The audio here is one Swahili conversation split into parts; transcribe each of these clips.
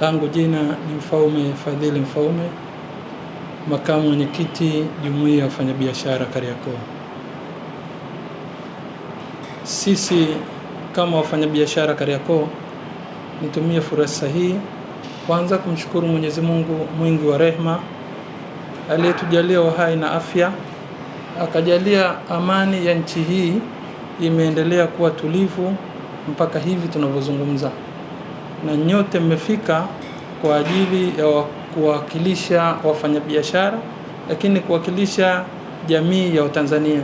Langu jina ni Mfaume Fadhili Mfaume, makamu mwenyekiti jumuiya ya wafanyabiashara Kariakoo. Sisi kama wafanyabiashara Kariakoo, nitumie fursa hii kwanza kumshukuru Mwenyezi Mungu mwingi wa rehema aliyetujalia uhai na afya, akajalia amani ya nchi hii imeendelea kuwa tulivu mpaka hivi tunavyozungumza na nyote mmefika kwa ajili ya kuwakilisha wafanyabiashara, lakini kuwakilisha jamii ya Watanzania.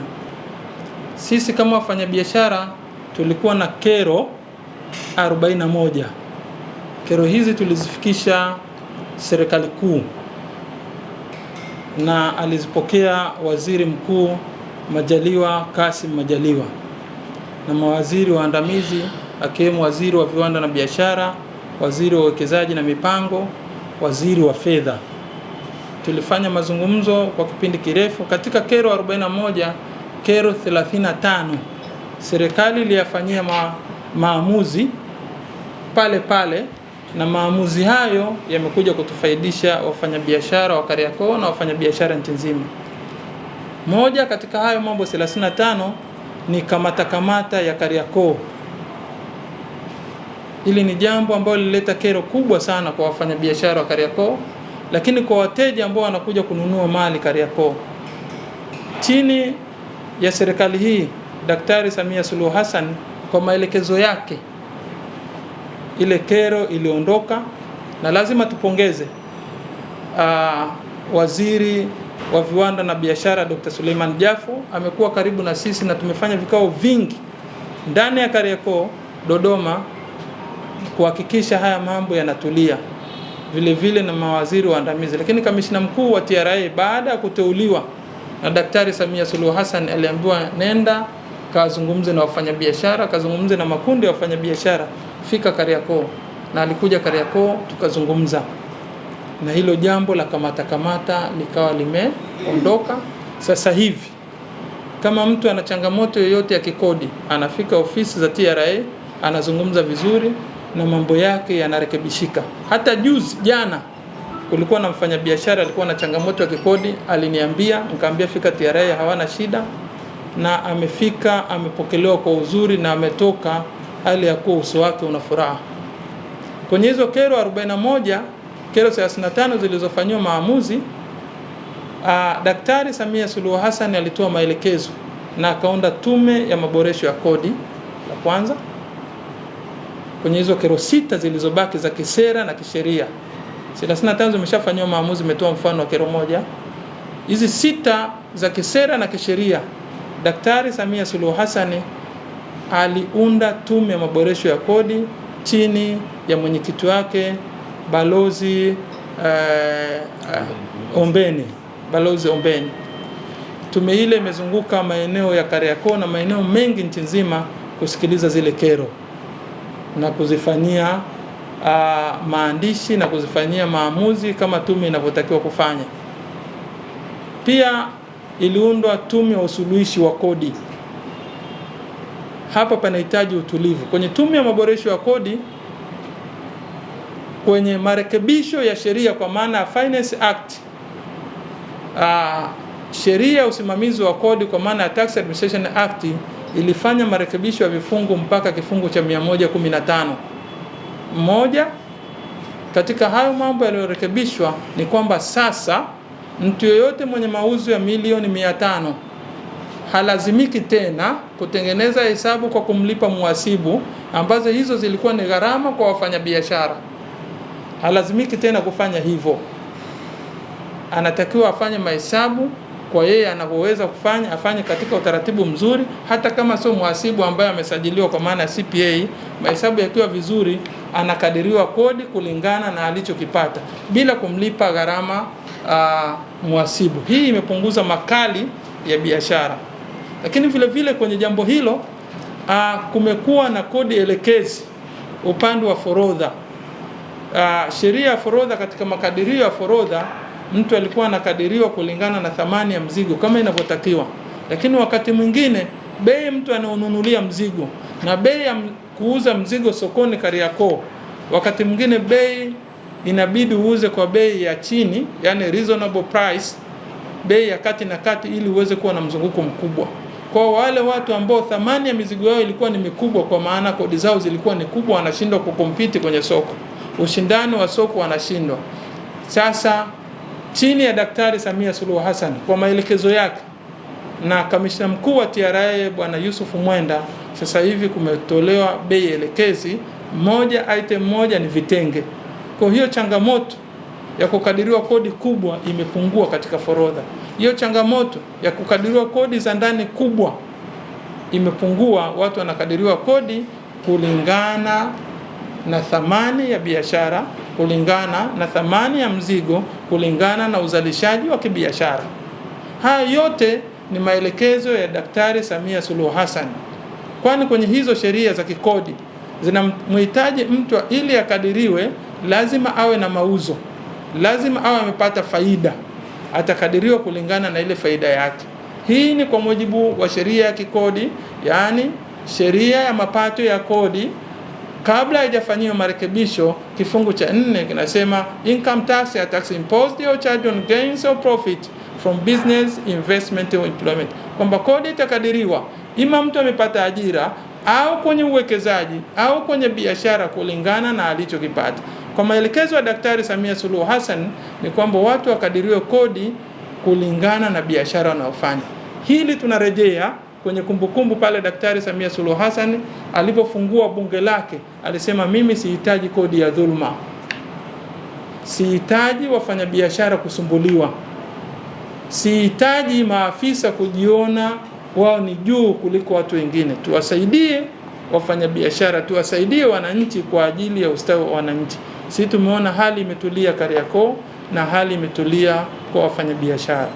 Sisi kama wafanyabiashara tulikuwa na kero 41. Kero hizi tulizifikisha serikali kuu na alizipokea Waziri Mkuu Majaliwa Kasim Majaliwa na mawaziri waandamizi akiwemo waziri wa viwanda na biashara, waziri wa uwekezaji na mipango, waziri wa fedha. Tulifanya mazungumzo kwa kipindi kirefu. Katika kero 41, kero 35 serikali iliyafanyia ma, maamuzi pale pale, na maamuzi hayo yamekuja kutufaidisha wafanyabiashara wa Kariakoo na wafanyabiashara nchi nzima. Moja katika hayo mambo 35 ni kamata kamata ya Kariakoo. Hili ni jambo ambalo lilileta kero kubwa sana kwa wafanyabiashara wa Kariakoo, lakini kwa wateja ambao wanakuja kununua mali Kariakoo. Chini ya serikali hii, Daktari Samia Suluhu Hassan kwa maelekezo yake, ile kero iliondoka, na lazima tupongeze aa, ah, waziri wa viwanda na biashara Dr. Suleiman Jafo amekuwa karibu na sisi na tumefanya vikao vingi ndani ya Kariakoo, Dodoma kuhakikisha haya mambo yanatulia, vile vile na mawaziri waandamizi. Lakini kamishina mkuu wa TRA baada ya kuteuliwa na Daktari Samia Suluhu Hassan aliambiwa nenda kazungumze na wafanyabiashara, kazungumze na makundi ya wafanyabiashara, fika Kariakoo. Na alikuja Kariakoo, tukazungumza na hilo jambo la kamata kamata likawa limeondoka. Sasa hivi kama mtu ana changamoto yoyote ya kikodi, anafika ofisi za TRA, anazungumza vizuri na mambo yake yanarekebishika. Hata juzi jana kulikuwa na mfanyabiashara alikuwa na changamoto ya kikodi, aliniambia, nikamwambia fika TRA, hawana shida, na amefika amepokelewa kwa uzuri na ametoka hali ya kuwa uso wake una furaha. Kwenye hizo kero 41 kero 35 zilizofanyiwa maamuzi a, Daktari Samia Suluhu Hassan alitoa maelekezo na akaunda tume ya maboresho ya kodi la kwanza kwenye hizo kero sita zilizobaki za kisera na kisheria. 35 zimeshafanyiwa maamuzi, imetoa mfano wa kero moja. Hizi sita za kisera na kisheria, Daktari Samia Suluhu Hassani aliunda tume ya maboresho ya kodi chini ya mwenyekiti wake Balozi uh, uh, Ombeni, Balozi Ombeni. Tume ile imezunguka maeneo ya Kariakoo na maeneo mengi nchi nzima kusikiliza zile kero na kuzifanyia uh, maandishi na kuzifanyia maamuzi kama tume inavyotakiwa kufanya. Pia iliundwa tume ya usuluhishi wa kodi. Hapa panahitaji utulivu kwenye tume ya maboresho ya kodi, kwenye marekebisho ya sheria kwa maana ya Finance Act uh, sheria ya usimamizi wa kodi kwa maana ya Tax Administration Act ilifanya marekebisho ya vifungu mpaka kifungu cha 115. Moja katika hayo mambo yaliyorekebishwa ni kwamba sasa mtu yoyote mwenye mauzo ya milioni 500 halazimiki tena kutengeneza hesabu kwa kumlipa mhasibu, ambazo hizo zilikuwa ni gharama kwa wafanyabiashara. Halazimiki tena kufanya hivyo, anatakiwa afanye mahesabu kwa yeye anavyoweza kufanya afanye katika utaratibu mzuri, hata kama sio mhasibu ambaye amesajiliwa kwa maana ya CPA. Mahesabu yakiwa vizuri, anakadiriwa kodi kulingana na alichokipata bila kumlipa gharama uh, mhasibu. Hii imepunguza makali ya biashara, lakini vile vile kwenye jambo hilo uh, kumekuwa na kodi elekezi upande wa forodha. Uh, sheria ya forodha katika makadirio ya forodha mtu alikuwa anakadiriwa kulingana na thamani ya mzigo kama inavyotakiwa, lakini wakati mwingine bei mtu anaonunulia mzigo na bei ya kuuza mzigo sokoni Kariakoo, wakati mwingine bei inabidi uuze kwa bei ya chini, yani reasonable price, bei ya kati na kati, ili uweze kuwa na mzunguko mkubwa. Kwa wale watu ambao thamani ya mizigo yao ilikuwa ni mikubwa, kwa maana kodi zao zilikuwa ni kubwa, wanashindwa kukompiti kwenye soko, ushindani wa soko wanashindwa. Sasa chini ya Daktari Samia Suluhu Hassan kwa maelekezo yake na kamishna mkuu wa TRA Bwana Yusuf Mwenda, sasa hivi kumetolewa bei elekezi moja, item moja ni vitenge. Kwa hiyo changamoto ya kukadiriwa kodi kubwa imepungua katika forodha hiyo. Changamoto ya kukadiriwa kodi za ndani kubwa imepungua, watu wanakadiriwa kodi kulingana na thamani ya biashara kulingana na thamani ya mzigo, kulingana na uzalishaji wa kibiashara. Haya yote ni maelekezo ya Daktari Samia Suluhu Hassan, kwani kwenye hizo sheria za kikodi zinamhitaji mtu ili akadiriwe, lazima awe na mauzo, lazima awe amepata faida, atakadiriwa kulingana na ile faida yake. Hii ni kwa mujibu wa sheria ya kikodi, yaani sheria ya mapato ya kodi kabla haijafanyiwa marekebisho. Kifungu cha nne kinasema income tax ya tax imposed or charged on gains or profit from business investment or employment, kwamba kodi itakadiriwa ima mtu amepata ajira au kwenye uwekezaji au kwenye biashara kulingana na alichokipata. Kwa maelekezo ya Daktari Samia Suluhu Hassan ni kwamba watu wakadiriwe kodi kulingana na biashara wanaofanya. Hili tunarejea kwenye kumbukumbu pale Daktari Samia Suluhu Hassan alipofungua bunge lake alisema, mimi sihitaji kodi ya dhuluma, sihitaji wafanyabiashara kusumbuliwa, sihitaji maafisa kujiona wao ni juu kuliko watu wengine. Tuwasaidie wafanyabiashara, tuwasaidie wananchi kwa ajili ya ustawi wa wananchi. Sisi tumeona hali imetulia Kariakoo na hali imetulia kwa wafanyabiashara.